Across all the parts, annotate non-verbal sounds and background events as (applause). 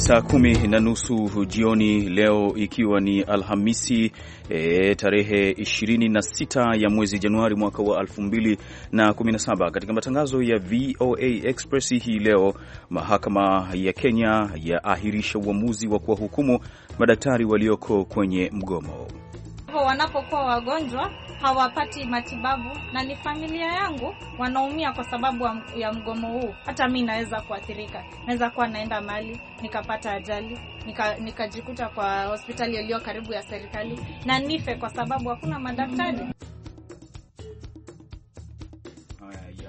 saa kumi na nusu jioni leo, ikiwa ni Alhamisi e, tarehe 26 ya mwezi Januari mwaka wa 2017. Katika matangazo ya VOA Express hii leo, mahakama ya Kenya yaahirisha uamuzi wa kuwahukumu madaktari walioko kwenye mgomo hivyo wanapokuwa wagonjwa hawapati matibabu, na ni familia yangu wanaumia kwa sababu ya mgomo huu. Hata mi naweza kuathirika, naweza kuwa naenda mali nikapata ajali nikajikuta nika kwa hospitali iliyo karibu ya serikali na nife kwa sababu hakuna madaktari.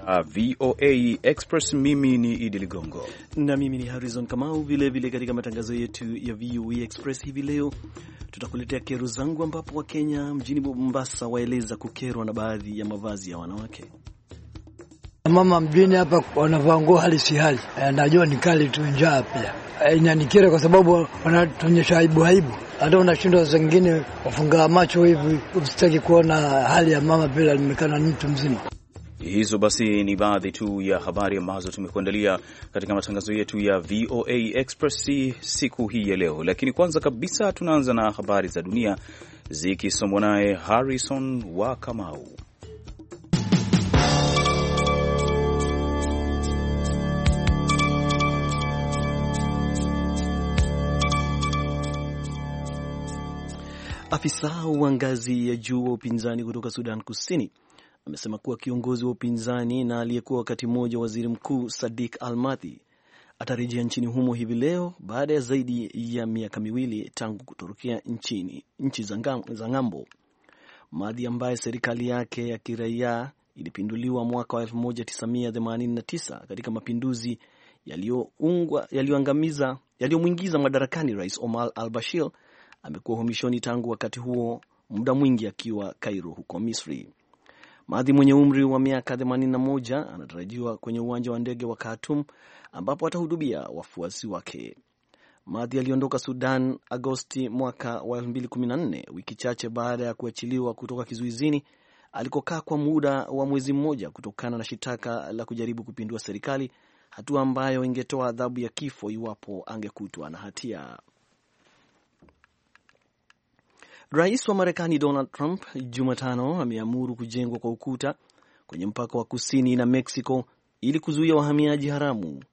Uh, VOA Express. Mimi ni Idi Ligongo na mimi ni Harrison Kamau. Vilevile katika matangazo yetu ya VOA Express hivi leo tutakuletea kero zangu, ambapo Wakenya mjini Mombasa waeleza kukerwa na baadhi ya mavazi ya wanawake. Mama mjini hapa wanavaa nguo hali si hali, eh, najua ni kali tu, njaa pia eh, inanikera kwa sababu wanatuonyesha aibu aibu, hata unashindwa zengine wafunga macho hivi, usitaki kuona hali ya mama pila limekana ni mtu mzima. Hizo basi ni baadhi tu ya habari ambazo tumekuandalia katika matangazo yetu ya VOA Express siku hii ya leo, lakini kwanza kabisa tunaanza na habari za dunia zikisomwa naye Harrison wa Kamau. Afisa wa ngazi ya juu wa upinzani kutoka Sudan Kusini amesema kuwa kiongozi wa upinzani na aliyekuwa wakati mmoja waziri mkuu Sadik Almathi atarejea nchini humo hivi leo baada ya zaidi ya miaka miwili tangu kutorokea nchini nchi za ng'ambo. Madhi ambaye serikali yake ya kiraia ilipinduliwa mwaka wa 1989 katika mapinduzi yaliyomwingiza yaliyo madarakani rais Omar al Bashir amekuwa uhamishoni tangu wakati huo, muda mwingi akiwa Kairo huko Misri. Madhi mwenye umri wa miaka 81 anatarajiwa kwenye uwanja wa ndege wa Khartoum ambapo atahudubia wafuasi wake. Madhi aliondoka Sudan Agosti mwaka wa 2014 wiki chache baada ya kuachiliwa kutoka kizuizini alikokaa kwa muda wa mwezi mmoja kutokana na shitaka la kujaribu kupindua serikali, hatua ambayo ingetoa adhabu ya kifo iwapo angekutwa na hatia. Rais wa Marekani Donald Trump Jumatano ameamuru kujengwa kwa ukuta kwenye mpaka wa kusini na Mexico ili kuzuia wahamiaji haramu,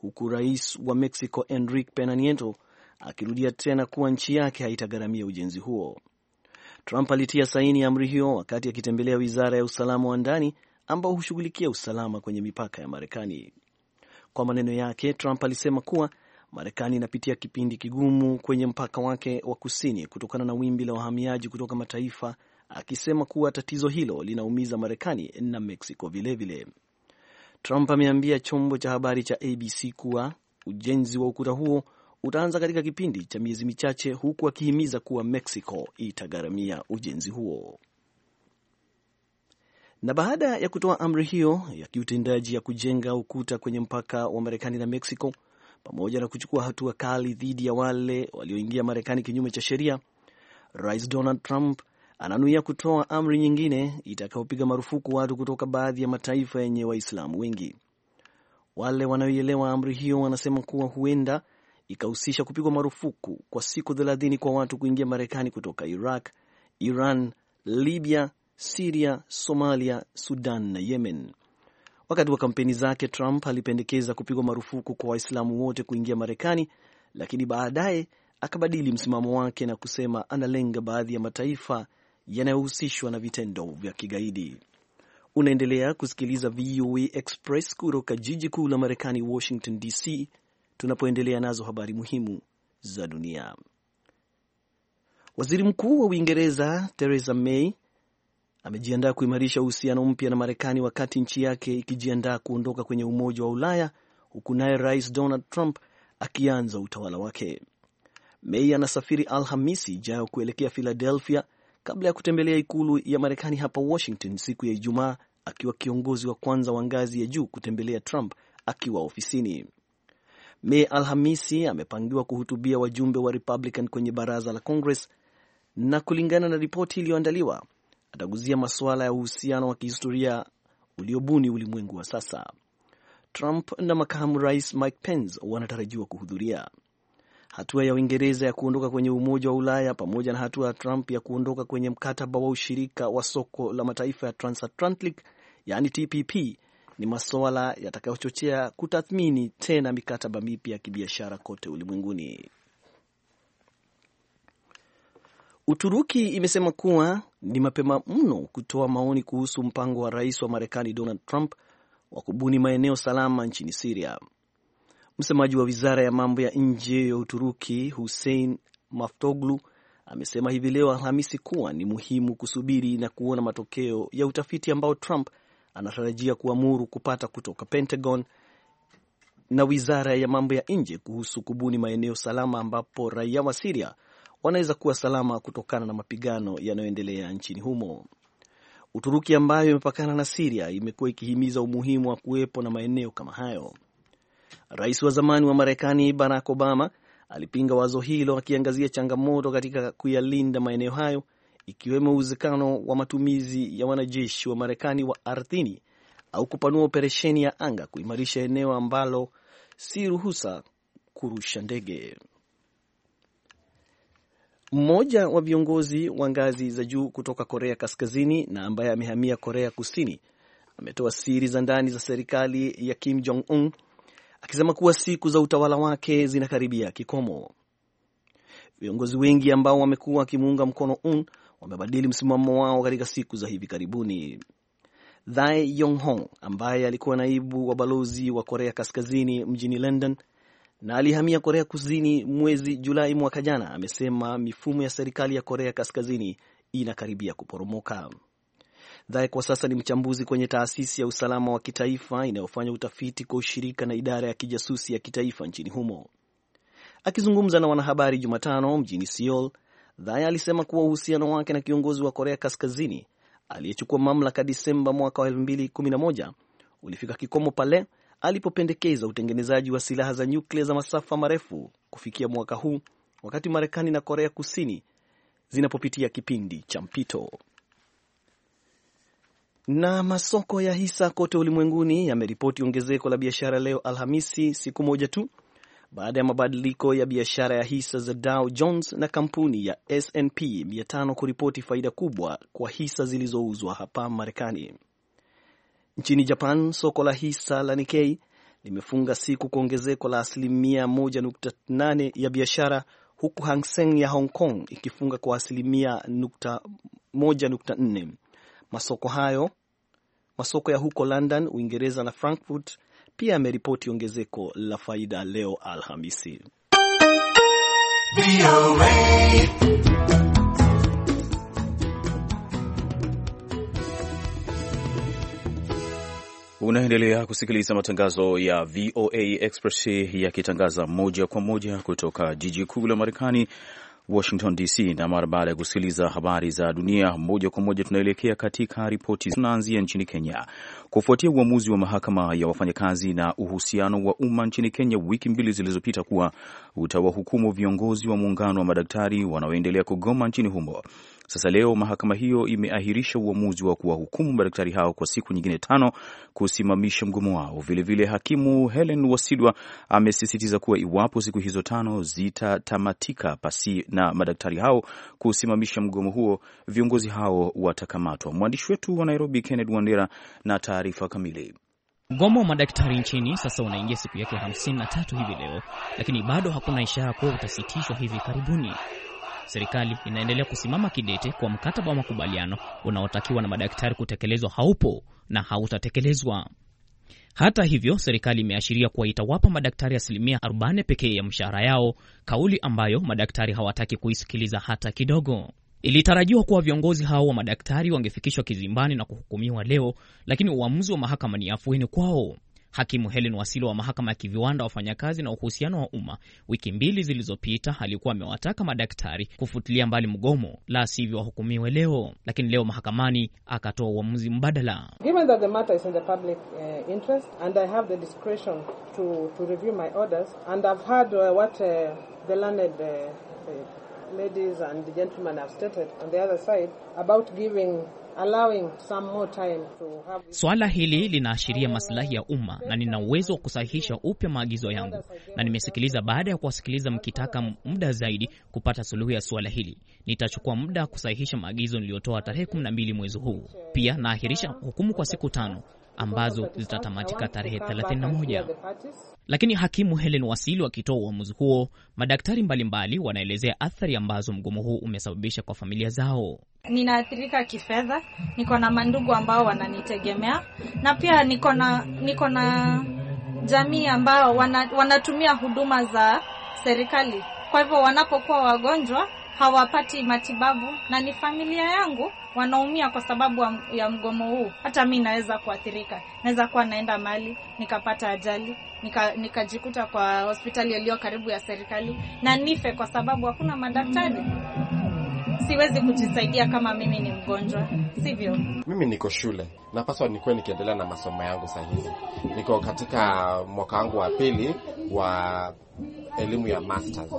huku rais wa Mexico Enrique Pena Nieto akirudia tena kuwa nchi yake haitagharamia ujenzi huo. Trump alitia saini ya amri hiyo wakati akitembelea wizara ya usalama wa ndani ambao hushughulikia usalama kwenye mipaka ya Marekani. Kwa maneno yake, Trump alisema kuwa Marekani inapitia kipindi kigumu kwenye mpaka wake wa kusini kutokana na wimbi la wahamiaji kutoka mataifa, akisema kuwa tatizo hilo linaumiza Marekani na Mexico vilevile. Trump ameambia chombo cha habari cha ABC kuwa ujenzi wa ukuta huo utaanza katika kipindi cha miezi michache, huku akihimiza kuwa Mexico itagharamia ujenzi huo. Na baada ya kutoa amri hiyo ya kiutendaji ya kujenga ukuta kwenye mpaka wa Marekani na Mexico, pamoja na kuchukua hatua kali dhidi ya wale walioingia Marekani kinyume cha sheria, Rais Donald Trump ananuia kutoa amri nyingine itakayopiga marufuku watu kutoka baadhi ya mataifa yenye Waislamu wengi. Wale wanaoielewa amri hiyo wanasema kuwa huenda ikahusisha kupigwa marufuku kwa siku thelathini kwa watu kuingia Marekani kutoka Iraq, Iran, Libya, Siria, Somalia, Sudan na Yemen. Wakati wa kampeni zake, Trump alipendekeza kupigwa marufuku kwa Waislamu wote kuingia Marekani, lakini baadaye akabadili msimamo wake na kusema analenga baadhi ya mataifa yanayohusishwa na vitendo vya kigaidi. Unaendelea kusikiliza VOA Express kutoka jiji kuu la Marekani, Washington DC, tunapoendelea nazo habari muhimu za dunia. Waziri Mkuu wa Uingereza Theresa May amejiandaa kuimarisha uhusiano mpya na Marekani wakati nchi yake ikijiandaa kuondoka kwenye Umoja wa Ulaya, huku naye Rais Donald Trump akianza utawala wake. Mei anasafiri Alhamisi ijayo kuelekea Philadelphia kabla ya kutembelea ikulu ya Marekani hapa Washington siku ya Ijumaa, akiwa kiongozi wa kwanza wa ngazi ya juu kutembelea Trump akiwa ofisini. Mei Alhamisi amepangiwa kuhutubia wajumbe wa Republican kwenye baraza la Congress, na kulingana na ripoti iliyoandaliwa ataguzia masuala ya uhusiano wa kihistoria uliobuni ulimwengu wa sasa. Trump na makamu rais Mike Pence wanatarajiwa kuhudhuria. Hatua ya Uingereza ya kuondoka kwenye Umoja wa Ulaya pamoja na hatua ya Trump ya kuondoka kwenye mkataba wa ushirika wa soko la mataifa ya Transatlantic, yaani TPP, ni masuala yatakayochochea kutathmini tena mikataba mipya ya kibiashara kote ulimwenguni. Uturuki imesema kuwa ni mapema mno kutoa maoni kuhusu mpango wa rais wa Marekani Donald Trump wa kubuni maeneo salama nchini Siria. Msemaji wa wizara ya mambo ya nje ya Uturuki Hussein Maftoglu amesema hivi leo Alhamisi kuwa ni muhimu kusubiri na kuona matokeo ya utafiti ambao Trump anatarajia kuamuru kupata kutoka Pentagon na wizara ya mambo ya nje kuhusu kubuni maeneo salama ambapo raia wa Siria wanaweza kuwa salama kutokana na mapigano yanayoendelea nchini humo. Uturuki ambayo imepakana na Siria imekuwa ikihimiza umuhimu wa kuwepo na maeneo kama hayo. Rais wa zamani wa Marekani Barack Obama alipinga wazo hilo, akiangazia changamoto katika kuyalinda maeneo hayo, ikiwemo uwezekano wa matumizi ya wanajeshi wa Marekani wa ardhini au kupanua operesheni ya anga kuimarisha eneo ambalo si ruhusa kurusha ndege. Mmoja wa viongozi wa ngazi za juu kutoka Korea Kaskazini na ambaye amehamia Korea Kusini ametoa siri za ndani za serikali ya Kim Jong Un akisema kuwa siku za utawala wake zinakaribia kikomo. Viongozi wengi ambao wamekuwa wakimuunga mkono Un wamebadili msimamo wao katika siku za hivi karibuni. Thae Yong Hong ambaye alikuwa naibu wa balozi wa Korea Kaskazini mjini London na alihamia Korea Kusini mwezi Julai mwaka jana, amesema mifumo ya serikali ya Korea Kaskazini inakaribia kuporomoka. Dhae kwa sasa ni mchambuzi kwenye taasisi ya usalama wa kitaifa inayofanya utafiti kwa ushirika na idara ya kijasusi ya kitaifa nchini humo. Akizungumza na wanahabari Jumatano mjini Seoul, Dhae alisema kuwa uhusiano wake na kiongozi wa Korea Kaskazini aliyechukua mamlaka Disemba mwaka wa 2011 ulifika kikomo pale alipopendekeza utengenezaji wa silaha za nyuklia za masafa marefu kufikia mwaka huu wakati Marekani na Korea Kusini zinapopitia kipindi cha mpito. Na masoko ya hisa kote ulimwenguni yameripoti ongezeko la biashara leo Alhamisi, siku moja tu baada ya mabadiliko ya biashara ya hisa za Dow Jones na kampuni ya S&P 500 kuripoti faida kubwa kwa hisa zilizouzwa hapa Marekani. Nchini Japan, soko la hisa la Nikkei limefunga siku kwa ongezeko la asilimia 1.8 ya biashara huku Hang Seng ya Hong Kong ikifunga kwa asilimia 1.4. Masoko hayo masoko ya huko London, Uingereza na Frankfurt pia yameripoti ongezeko la faida leo Alhamisi. Unaendelea kusikiliza matangazo ya VOA Express yakitangaza moja kwa moja kutoka jiji kuu la Marekani, Washington DC. Na mara baada ya kusikiliza habari za dunia moja kwa moja, tunaelekea katika ripoti. Tunaanzia nchini Kenya kufuatia uamuzi wa mahakama ya wafanyakazi na uhusiano wa umma nchini Kenya wiki mbili zilizopita kuwa utawahukumu viongozi wa muungano wa madaktari wanaoendelea kugoma nchini humo. Sasa leo mahakama hiyo imeahirisha uamuzi wa kuwahukumu madaktari hao kwa siku nyingine tano kusimamisha mgomo wao. Vilevile hakimu Helen Wasilwa amesisitiza kuwa iwapo siku hizo tano zitatamatika pasi na madaktari hao kusimamisha mgomo huo, viongozi hao watakamatwa. Mwandishi wetu wa Nairobi Kenneth Wandera na taarifa kamili. Mgomo wa madaktari nchini sasa unaingia siku yake 53 hivi leo, lakini bado hakuna ishara kuwa utasitishwa hivi karibuni serikali inaendelea kusimama kidete kwa mkataba wa makubaliano unaotakiwa na madaktari kutekelezwa haupo na hautatekelezwa. Hata hivyo, serikali imeashiria kuwa itawapa madaktari asilimia 40 pekee ya mshahara yao, kauli ambayo madaktari hawataki kuisikiliza hata kidogo. Ilitarajiwa kuwa viongozi hao wa madaktari wangefikishwa kizimbani na kuhukumiwa leo, lakini uamuzi wa mahakama ni afueni kwao. Hakimu Helen Wasilo wa mahakama ya kiviwanda, wafanyakazi na uhusiano wa umma, wiki mbili zilizopita, alikuwa amewataka madaktari kufutilia mbali mgomo, la sivyo wahukumiwe leo, lakini leo mahakamani akatoa uamuzi mbadala. Ladies and gentlemen have stated on the other side about giving Suala hili linaashiria masilahi ya umma na nina uwezo wa kusahihisha upya maagizo yangu, na nimesikiliza. Baada ya kuwasikiliza mkitaka muda zaidi kupata suluhu ya suala hili, nitachukua muda kusahihisha maagizo niliyotoa tarehe 12 mwezi huu. Pia naahirisha hukumu kwa siku tano ambazo zitatamatika tarehe 31. Lakini hakimu Helen wasili akitoa uamuzi huo, madaktari mbalimbali wanaelezea athari ambazo mgomo huu umesababisha kwa familia zao. Ninaathirika kifedha, niko na mandugu ambao wananitegemea na pia niko na niko na jamii ambao wana, wanatumia huduma za serikali. Kwa hivyo wanapokuwa wagonjwa hawapati matibabu na ni familia yangu wanaumia kwa sababu ya mgomo huu. Hata mi naweza kuathirika, naweza kuwa naenda mali nikapata ajali nikajikuta nika kwa hospitali iliyo karibu ya serikali na nife kwa sababu hakuna madaktari. Siwezi kujisaidia kama mimi ni mgonjwa, sivyo? Mimi niko shule, napaswa nikuwe nikiendelea na masomo yangu. Saa hizi niko katika mwaka wangu wa pili wa elimu ya masters.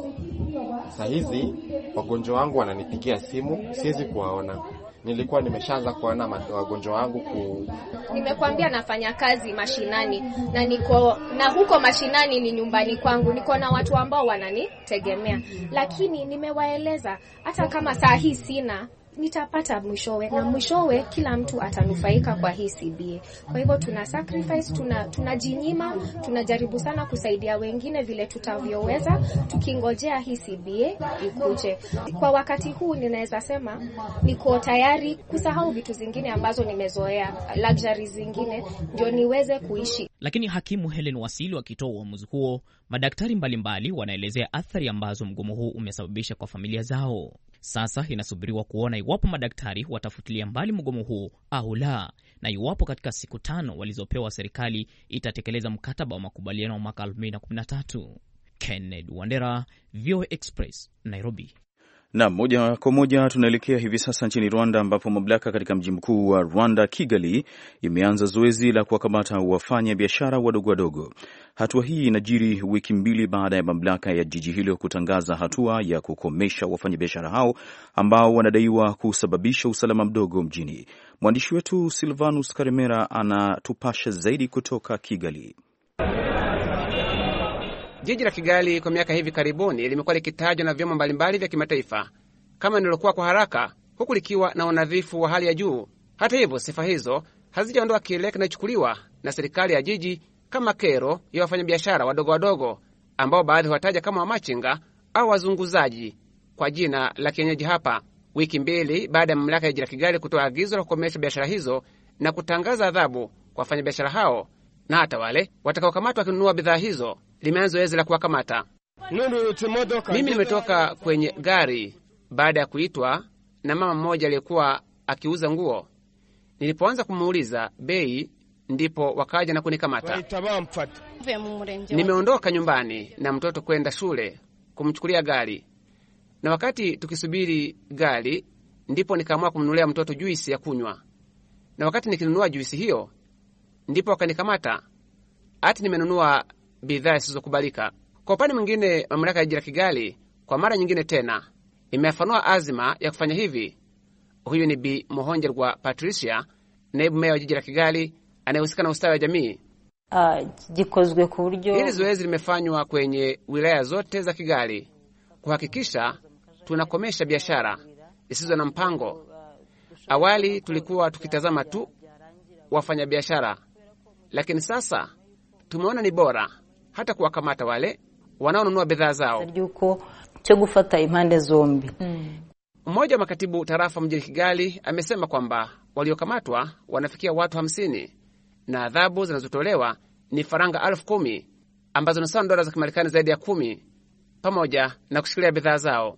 Saa hizi wagonjwa wangu wananipigia simu, siwezi kuwaona nilikuwa nimeshaanza kuona wagonjwa wangu ku... Nimekuambia nafanya kazi mashinani na niko na huko mashinani ni nyumbani kwangu, niko na watu ambao wananitegemea, lakini nimewaeleza hata kama saa hii sina nitapata mwishowe, na mwishowe kila mtu atanufaika kwa hii CBA. Kwa hivyo tuna sacrifice, tuna tunajinyima, tunajaribu sana kusaidia wengine vile tutavyoweza, tukingojea hii CBA ikuje. Kwa wakati huu ninaweza sema niko tayari kusahau vitu zingine ambazo nimezoea, luxury zingine, ndio niweze kuishi. Lakini hakimu Helen Wasili akitoa uamuzi huo, madaktari mbalimbali wanaelezea athari ambazo mgomo huu umesababisha kwa familia zao. Sasa inasubiriwa kuona iwapo madaktari watafutilia mbali mgomo huu au la, na iwapo katika siku tano walizopewa serikali itatekeleza mkataba wa makubaliano wa mwaka 2013. kenned Wandera, VOA Express, Nairobi. Nam, moja kwa moja tunaelekea hivi sasa nchini Rwanda, ambapo mamlaka katika mji mkuu wa Rwanda, Kigali, imeanza zoezi la kuwakamata wafanya biashara wadogo wadogo. Hatua hii inajiri wiki mbili baada ya mamlaka ya jiji hilo kutangaza hatua ya kukomesha wafanyabiashara hao ambao wanadaiwa kusababisha usalama mdogo mjini. Mwandishi wetu Silvanus Karemera anatupasha zaidi kutoka Kigali. Jiji la Kigali kwa miaka hivi karibuni limekuwa likitajwa na vyombo mbalimbali vya kimataifa kama inalokuwa kwa haraka, huku likiwa na unadhifu wa hali ya juu. Hata hivyo, sifa hizo hazijaondoa kile kinachochukuliwa na serikali ya jiji kama kero ya wafanyabiashara wadogo wadogo, ambao baadhi huwataja kama wamachinga au wazunguzaji kwa jina la kienyeji hapa. Wiki mbili baada ya mamlaka ya jiji la Kigali kutoa agizo la kukomesha biashara hizo na kutangaza adhabu kwa wafanyabiashara hao na hata wale watakaokamatwa wakinunua bidhaa hizo, limeanza zoezi la kuwakamata. Mimi nimetoka kwenye gari baada ya kuitwa na mama mmoja aliyekuwa akiuza nguo. Nilipoanza kumuuliza bei, ndipo wakaja na kunikamata. Nimeondoka nyumbani na mtoto kwenda shule kumchukulia gari, na wakati tukisubiri gari, ndipo nikaamua kumnunulia mtoto juisi ya kunywa, na wakati nikinunua juisi hiyo, ndipo wakanikamata. Ati nimenunua bidhaa zisizokubalika. Kwa upande mwingine, mamlaka ya jiji la Kigali kwa mara nyingine tena imeafanua azima ya kufanya hivi. Huyu ni Bi Muhongerwa Patricia, naibu meya wa jiji la Kigali anayehusika na ustawi wa jamii. Uh, hili zoezi limefanywa kwenye wilaya zote za Kigali kuhakikisha tunakomesha biashara zisizo na mpango. Awali tulikuwa tukitazama tu wafanyabiashara, lakini sasa tumeona ni bora hata kuwakamata wale wanaonunua bidhaa zao. Mm. Mmoja wa makatibu tarafa mjini Kigali amesema kwamba waliokamatwa wanafikia watu hamsini na adhabu zinazotolewa ni faranga elfu kumi ambazo ni sawa na dola za Kimarekani zaidi ya kumi pamoja na kushikilia bidhaa zao.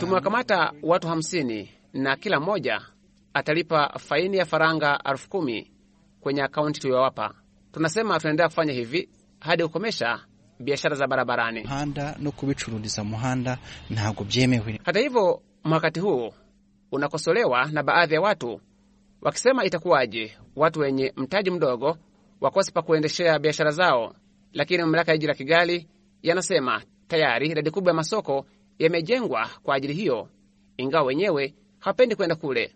Tumewakamata watu hamsini na kila mmoja atalipa faini ya faranga elfu kumi kwenye akaunti tuliyowapa tunasema tunaendelea kufanya hivi hadi kukomesha biashara za barabarani muhanda no kubicururiza muhanda ntabwo byemewe. Hata hivyo mwakati huu unakosolewa na baadhi ya watu wakisema, itakuwaje watu wenye mtaji mdogo wakose pa kuendeshea biashara zao? Lakini mamlaka ya jiji la Kigali yanasema tayari idadi kubwa ya masoko yamejengwa kwa ajili hiyo, ingawa wenyewe hawapendi kwenda kule.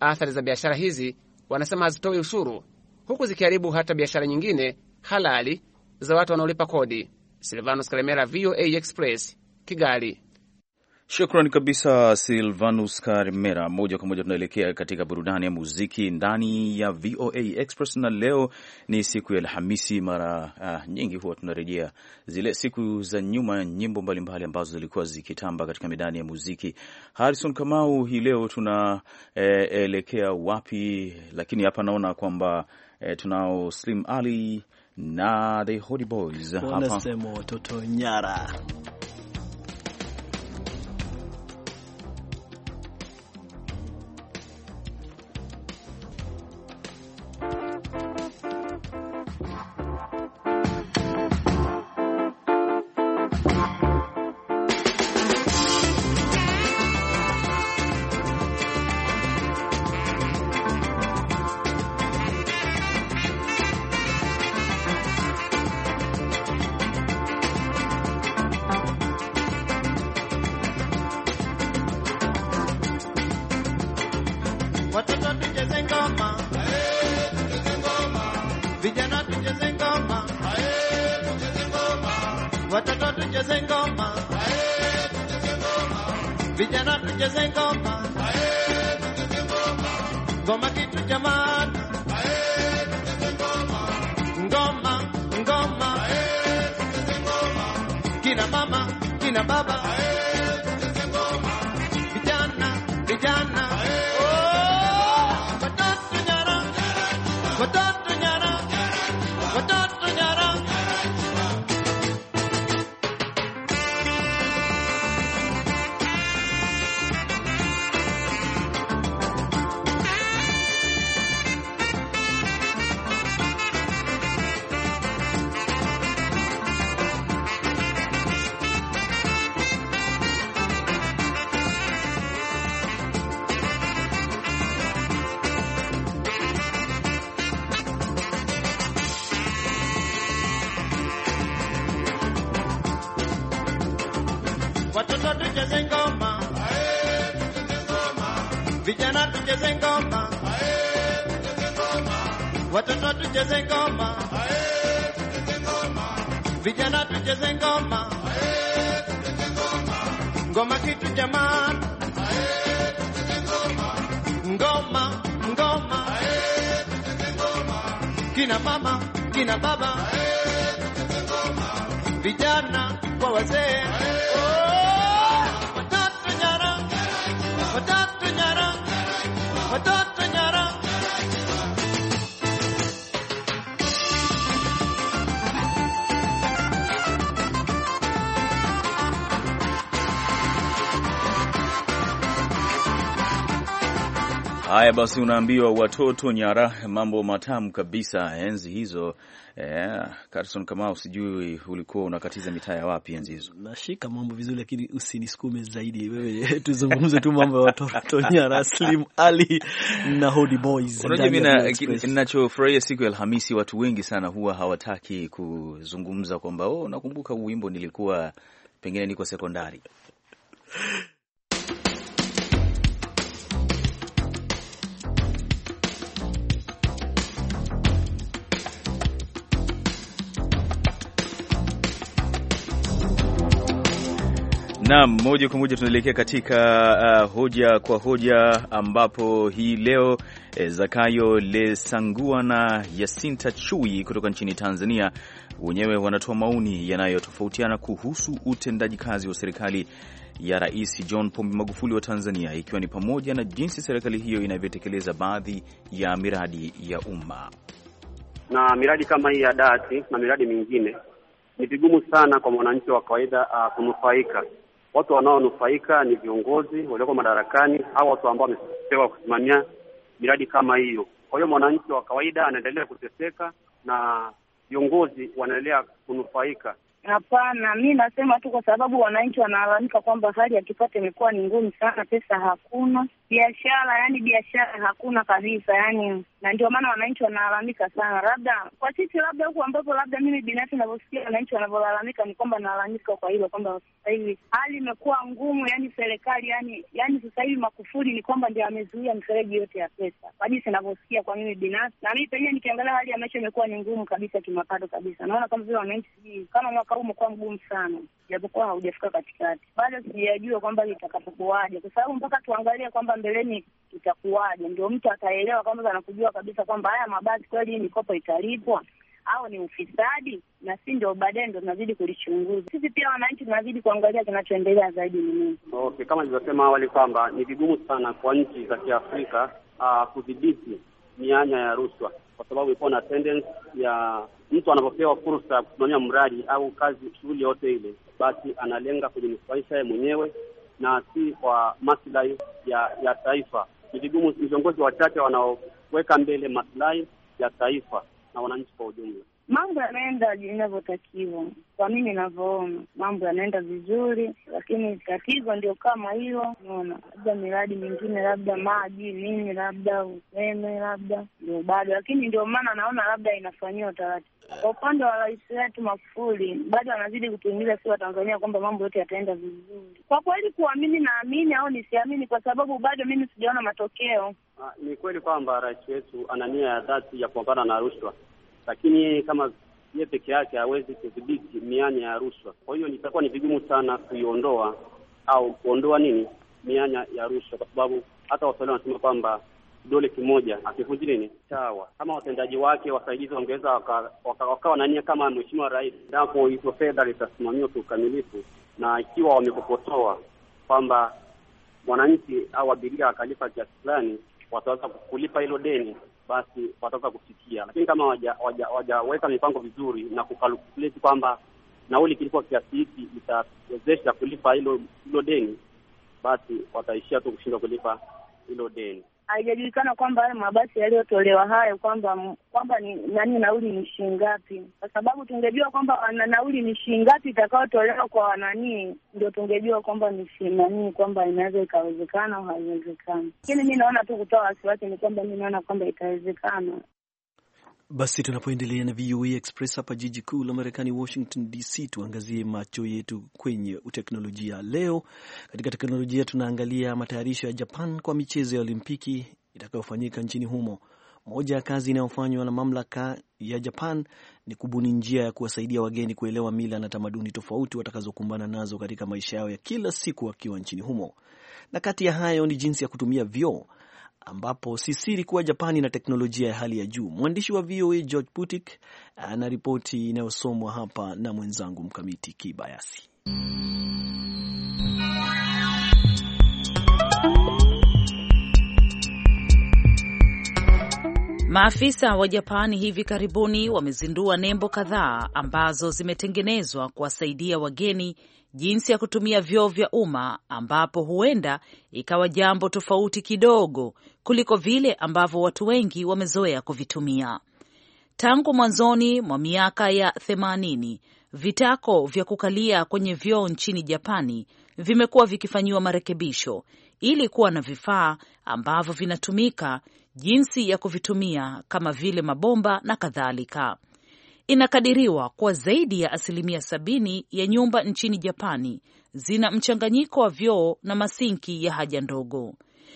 Athari za biashara hizi wanasema hazitoi ushuru huku zikiharibu hata biashara nyingine halali za watu wanaolipa kodi. Silvanus Karemera, VOA Express, Kigali. Shukrani kabisa Silvanus Karimera. Moja kwa moja tunaelekea katika burudani ya muziki ndani ya VOA Express, na leo ni siku ya Alhamisi. Mara ah, nyingi huwa tunarejea zile siku za nyuma, nyimbo mbalimbali ambazo zilikuwa zikitamba katika midani ya muziki. Harrison Kamau, hii leo tunaelekea eh, wapi? Lakini hapa naona kwamba e, tunao Slim Ali na the Holy Boys hapa, wanasema watoto nyara. watoto tucheze ngoma, vijana tucheze ngoma, ngoma kitu jamani, ngoma ngoma, kina mama kina baba, vijana kwa wazee. Oh. Haya basi, unaambiwa watoto nyara, mambo matamu kabisa enzi hizo. Yeah. Carson Kamau, sijui ulikuwa unakatiza mitaa ya wapi enzi hizo? Nashika mambo vizuri, lakini usinisukume zaidi wewe, (laughs) tuzungumze tu mambo ya watoto nyara, Slim Ali na Hodi Boys. ninachofurahia siku ya Alhamisi, watu wengi sana huwa hawataki kuzungumza kwamba oh, nakumbuka huu wimbo nilikuwa pengine niko sekondari Naam, moja kwa moja tunaelekea katika uh, hoja kwa hoja ambapo hii leo e, Zakayo Lesangua na Yasinta Chui kutoka nchini Tanzania wenyewe wanatoa maoni yanayotofautiana kuhusu utendaji kazi wa serikali ya Rais John Pombe Magufuli wa Tanzania ikiwa ni pamoja na jinsi serikali hiyo inavyotekeleza baadhi ya miradi ya umma. Na miradi kama hii ya dati na miradi mingine ni vigumu sana kwa mwananchi wa kawaida uh, kunufaika watu wanaonufaika ni viongozi walioko madarakani au watu ambao wamepewa kusimamia miradi kama hiyo. Kwa hiyo mwananchi wa kawaida anaendelea kuteseka na viongozi wanaendelea kunufaika. Hapana, mi nasema tu, kwa sababu wananchi wanalalamika kwamba hali ya kipato imekuwa ni ngumu sana, pesa hakuna, biashara, yani biashara hakuna kabisa, yani na ndio maana wananchi wanalalamika sana. Labda kwa sisi, labda huku ambapo labda mimi binafsi navyosikia wananchi wanavyolalamika ni kwamba nalalamika kwa hilo kwamba sasa hivi hali imekuwa ngumu, yani serikali yani yani sasa hivi Makufuli ni kwamba ndio amezuia mifereji yote ya pesa, kwa jinsi navyosikia kwa mimi binafsi na mimi penyewe nikiangalia, hali ya maisha imekuwa ni ngumu kabisa, kimapato kabisa. Naona kama vile wananchi, sijui kama mwaka huu umekuwa mgumu sana, japokuwa haujafika katikati, bado sijajua kwamba itakapokuwaje, kwa sababu mpaka tuangalie kwamba mbeleni itakuwaje, ndio mtu ataelewa kwamba anakujua kujua kabisa kwamba haya mabasi kweli hii mikopo italipwa au ni ufisadi, na si ndio baadaye ndo tunazidi kulichunguza sisi. Pia wananchi tunazidi kuangalia kinachoendelea zaidi ni nini. Okay, kama nilivyosema awali kwamba ni vigumu sana kwa nchi za Kiafrika uh, kudhibiti mianya ya rushwa, kwa sababu ilikuwa na tendency ya mtu anapopewa fursa ya kusimamia mradi au kazi, shughuli yote ile, basi analenga kujinufaisha yeye mwenyewe na si kwa maslahi ya, ya taifa. Ni vigumu, viongozi wachache wanao kuweka mbele maslahi ya taifa na wananchi kwa ujumla mambo yanaenda inavyotakiwa, kwa mimi inavyoona mambo yanaenda vizuri, lakini tatizo ndio kama hiyo. Naona labda miradi mingine, labda maji nini, labda umeme, labda ndio bado, lakini ndio maana naona labda inafanyiwa taratibu. Kwa upande wa rais wetu Magufuli, bado anazidi kutuingiza si Watanzania kwamba mambo yote yataenda vizuri. Kwa kweli, kuamini naamini au nisiamini, kwa sababu bado mimi sijaona matokeo. Ah, ni kweli kwamba rais wetu ana nia ya dhati ya kupambana na rushwa lakini kama ye peke yake hawezi kudhibiti mianya ya rushwa. Kwa hiyo nitakuwa ni vigumu sana kuiondoa au kuondoa nini mianya ya rushwa, kwa sababu hata waswahili wanasema kwamba kidole kimoja akivunji nini chawa. Kama watendaji wake wasaidizi wangeweza wakawa waka, waka nania kama Mheshimiwa Rais, endapo hizo fedha litasimamiwa kiukamilifu, na ikiwa wamekokotoa kwamba mwananchi au abiria akalipa kiasi fulani, wataweza kulipa hilo deni basi wataweza kufikia, lakini kama waja mipango vizuri na kukalkuleti kwamba nauli kilikuwa kiasi hiki itawezesha kulipa hilo hilo deni, basi wataishia tu kushindwa kulipa hilo deni haijajulikana kwamba hayo mabasi yaliyotolewa hayo kwamba kwamba ni nani, nauli ni shilingi ngapi, kwa sababu tungejua kwamba wana nauli ni shilingi ngapi itakayotolewa kwa wananii, ndio tungejua kwamba ni nani, kwamba inaweza ikawezekana au haiwezekani. Lakini mi naona tu kutoa wasiwasi ni kwamba mi naona kwamba itawezekana. Basi tunapoendelea na VOA Express hapa jiji kuu la Marekani, Washington DC, tuangazie macho yetu kwenye teknolojia. Leo katika teknolojia tunaangalia matayarisho ya Japan kwa michezo ya Olimpiki itakayofanyika nchini humo. Moja ya kazi inayofanywa na mamlaka ya Japan ni kubuni njia ya kuwasaidia wageni kuelewa mila na tamaduni tofauti watakazokumbana nazo katika maisha yao ya kila siku wakiwa nchini humo, na kati ya hayo ni jinsi ya kutumia vyoo ambapo si siri kuwa Japani na teknolojia ya hali ya juu. Mwandishi wa VOA George Putik ana ripoti inayosomwa hapa na mwenzangu Mkamiti Kibayasi. Maafisa wa Japani hivi karibuni wamezindua nembo kadhaa ambazo zimetengenezwa kuwasaidia wageni jinsi ya kutumia vyoo vya umma, ambapo huenda ikawa jambo tofauti kidogo kuliko vile ambavyo watu wengi wamezoea kuvitumia. Tangu mwanzoni mwa miaka ya themanini, vitako vya kukalia kwenye vyoo nchini Japani vimekuwa vikifanyiwa marekebisho ili kuwa na vifaa ambavyo vinatumika jinsi ya kuvitumia kama vile mabomba na kadhalika. Inakadiriwa kuwa zaidi ya asilimia sabini ya nyumba nchini Japani zina mchanganyiko wa vyoo na masinki ya haja ndogo.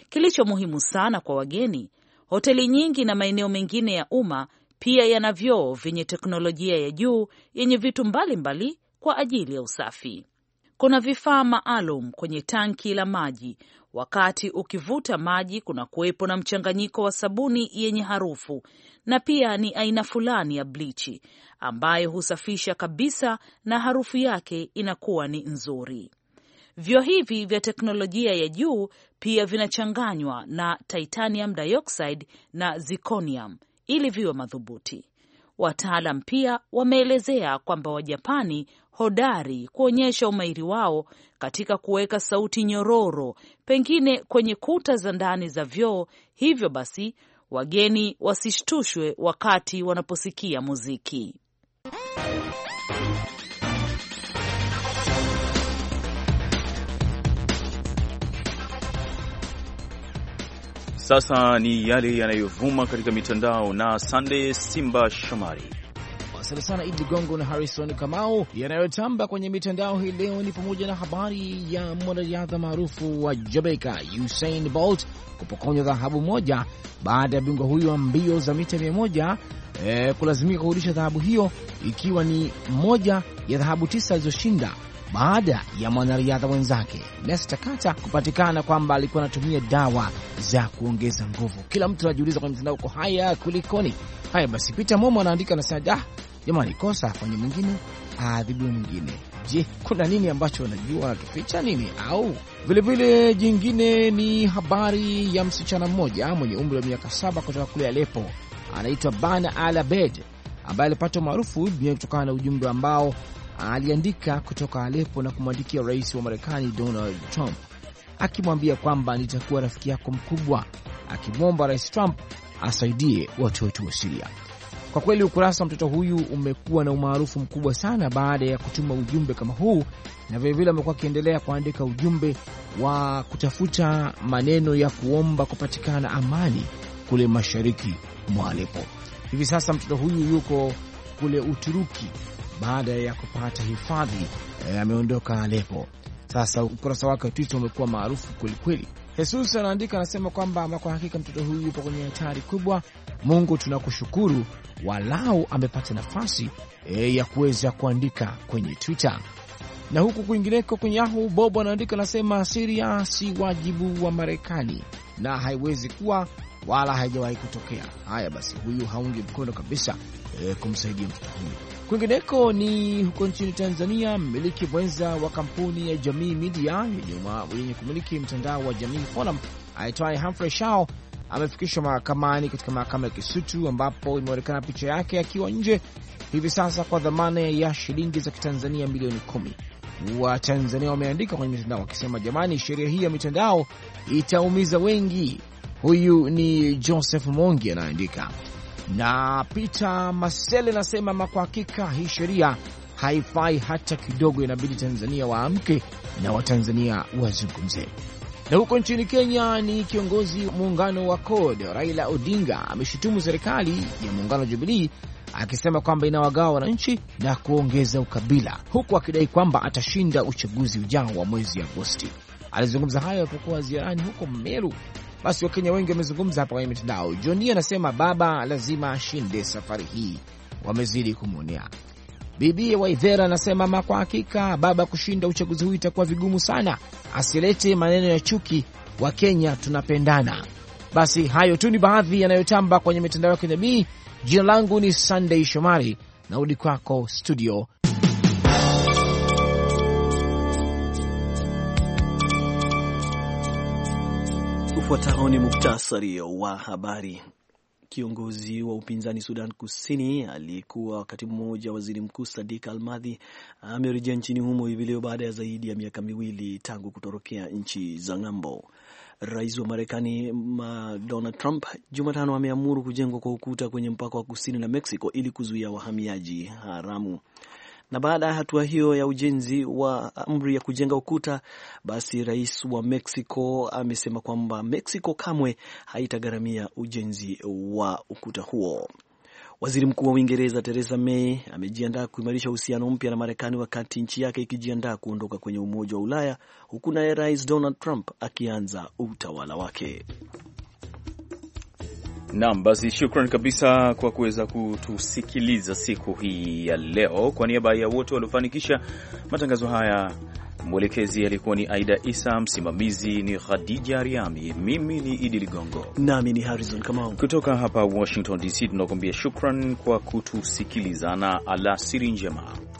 Kilicho muhimu sana kwa wageni, hoteli nyingi na maeneo mengine ya umma pia yana vyoo vyenye teknolojia ya juu yenye vitu mbalimbali mbali kwa ajili ya usafi. Kuna vifaa maalum kwenye tanki la maji. Wakati ukivuta maji, kuna kuwepo na mchanganyiko wa sabuni yenye harufu na pia ni aina fulani ya blichi ambayo husafisha kabisa na harufu yake inakuwa ni nzuri. vyo hivi vya teknolojia ya juu pia vinachanganywa na titanium dioxide na zirconium ili viwe madhubuti. Wataalam pia wameelezea kwamba Wajapani hodari kuonyesha umahiri wao katika kuweka sauti nyororo, pengine kwenye kuta za ndani za vyoo. Hivyo basi wageni wasishtushwe wakati wanaposikia muziki. Sasa ni yale yanayovuma katika mitandao na Sande Simba Shomari. Asante sana Idi Gongo na Harrison Kamau. Yanayotamba kwenye mitandao hii leo ni pamoja na habari ya mwanariadha maarufu wa Jamaica Usain Bolt kupokonywa dhahabu moja baada ya bingwa huyo wa mbio za mita mia moja eh, kulazimika kurudisha dhahabu hiyo ikiwa ni moja ya dhahabu tisa alizoshinda baada ya mwanariadha mwenzake Nesta Kata kupatikana kwamba alikuwa anatumia dawa za kuongeza nguvu. Kila mtu anajiuliza kwenye mitandao, uko haya kulikoni? Haya basi, Peter Momo anaandika na dah, Jamani, kosa afanye mwingine, aadhibiwe mwingine. Je, kuna nini ambacho wanajua wanatuficha nini? Au vilevile vile jingine ni habari ya msichana mmoja mwenye umri wa miaka saba kutoka kule Alepo, anaitwa Bana Al Abed ambaye alipata umaarufu duniani kutokana na ujumbe ambao aliandika kutoka Alepo na kumwandikia rais wa Marekani Donald Trump akimwambia kwamba nitakuwa rafiki yako mkubwa, akimwomba Rais Trump asaidie watu wetu wa Siria. Kwa kweli ukurasa wa mtoto huyu umekuwa na umaarufu mkubwa sana baada ya kutuma ujumbe kama huu, na vilevile amekuwa akiendelea kuandika ujumbe wa kutafuta maneno ya kuomba kupatikana amani kule mashariki mwa Aleppo. Hivi sasa mtoto huyu yuko kule Uturuki baada ya kupata hifadhi, eh, ameondoka Aleppo. Sasa ukurasa wake wa Twitter umekuwa maarufu kwelikweli. Jesus anaandika anasema kwamba ama kwa hakika mtoto huyu yupo kwenye hatari kubwa, Mungu tunakushukuru, walau amepata nafasi e, ya kuweza kuandika kwenye Twitter na huku kwingineko kwenye Yahoo, Bob anaandika anasema, Siria si wajibu wa Marekani na haiwezi kuwa wala haijawahi kutokea. Haya basi, huyu haungi mkono kabisa e, kumsaidia mtoto huyu. Kwingineko ni huko nchini Tanzania, mmiliki mwenza wa kampuni ya Jamii Media yenye kumiliki mtandao wa Jamii Forum aitwaye Humphrey Shao amefikishwa mahakamani katika mahakama ya Kisutu ambapo imeonekana picha yake akiwa nje hivi sasa kwa dhamana ya shilingi za kitanzania milioni kumi. Watanzania wameandika kwenye mitandao wakisema, jamani, sheria hii ya mitandao itaumiza wengi. Huyu ni Joseph Mongi anaandika, na Peter Masele anasema, ma kwa hakika hii sheria haifai hata kidogo, inabidi Tanzania waamke na Watanzania wazungumze. Na huko nchini Kenya ni kiongozi wa muungano wa CORD Raila Odinga ameshutumu serikali ya muungano wa Jubilii akisema kwamba inawagawa wananchi na kuongeza ukabila, huku akidai kwamba atashinda uchaguzi ujao wa mwezi Agosti. Alizungumza hayo alipokuwa ziarani huko Meru. Basi Wakenya wengi wamezungumza hapa kwenye mitandao. Joni anasema baba lazima ashinde safari hii, wamezidi kumwonea. Bibi Waithera anasema ma kwa hakika baba kushinda uchaguzi huu itakuwa vigumu sana, asilete maneno ya chuki, wa Kenya tunapendana. Basi hayo tu ni baadhi yanayotamba kwenye mitandao ya kijamii. Jina langu ni Sunday Shomari, narudi kwako studio. Ufuatao ni muktasari wa habari. Kiongozi wa upinzani Sudan Kusini aliyekuwa wakati mmoja waziri mkuu Sadik Almadhi amerejea nchini humo hivi leo baada ya zaidi ya miaka miwili tangu kutorokea nchi za ng'ambo. Rais wa Marekani Donald Trump Jumatano ameamuru kujengwa kwa ukuta kwenye mpaka wa kusini na Mexico ili kuzuia wahamiaji haramu na baada ya hatua hiyo ya ujenzi wa amri ya kujenga ukuta, basi rais wa Mexico amesema kwamba Mexico kamwe haitagharamia ujenzi wa ukuta huo. Waziri Mkuu wa Uingereza Theresa May amejiandaa kuimarisha uhusiano mpya na Marekani wakati nchi yake ikijiandaa kuondoka kwenye Umoja wa Ulaya, huku naye rais Donald Trump akianza utawala wake. Naam, basi shukran kabisa kwa kuweza kutusikiliza siku hii ya leo. Kwa niaba ya wote waliofanikisha matangazo haya, mwelekezi alikuwa ni Aida Isa, msimamizi ni Khadija Riami, mimi ni Idi Ligongo nami ni Harrison Kamau kutoka hapa Washington DC, tunakuambia shukran kwa kutusikiliza na alasiri njema.